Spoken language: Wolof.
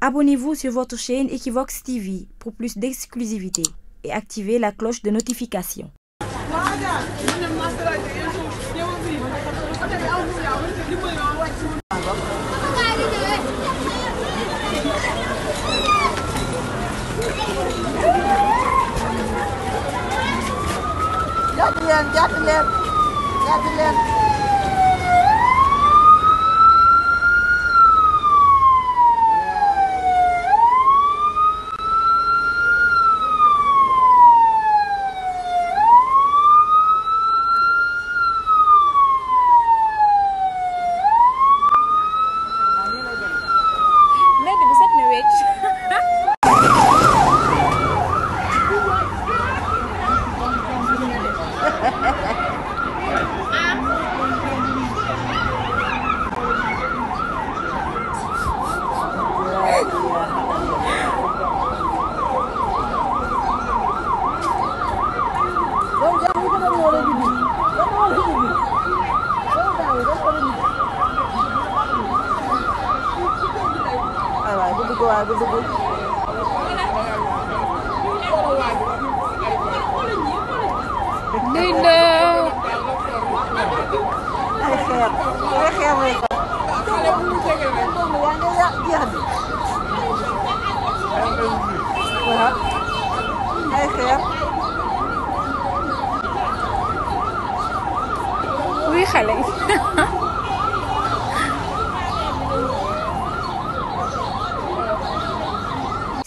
Abonnez-vous sur votre chaîne Equivox TV pour plus d'exclusivité et activez la cloche de notification. waaye bu dugg day ndew ay xeer ay xeer lay ko yaa ngi yàq jeex bi waaw ay xeer wuy xale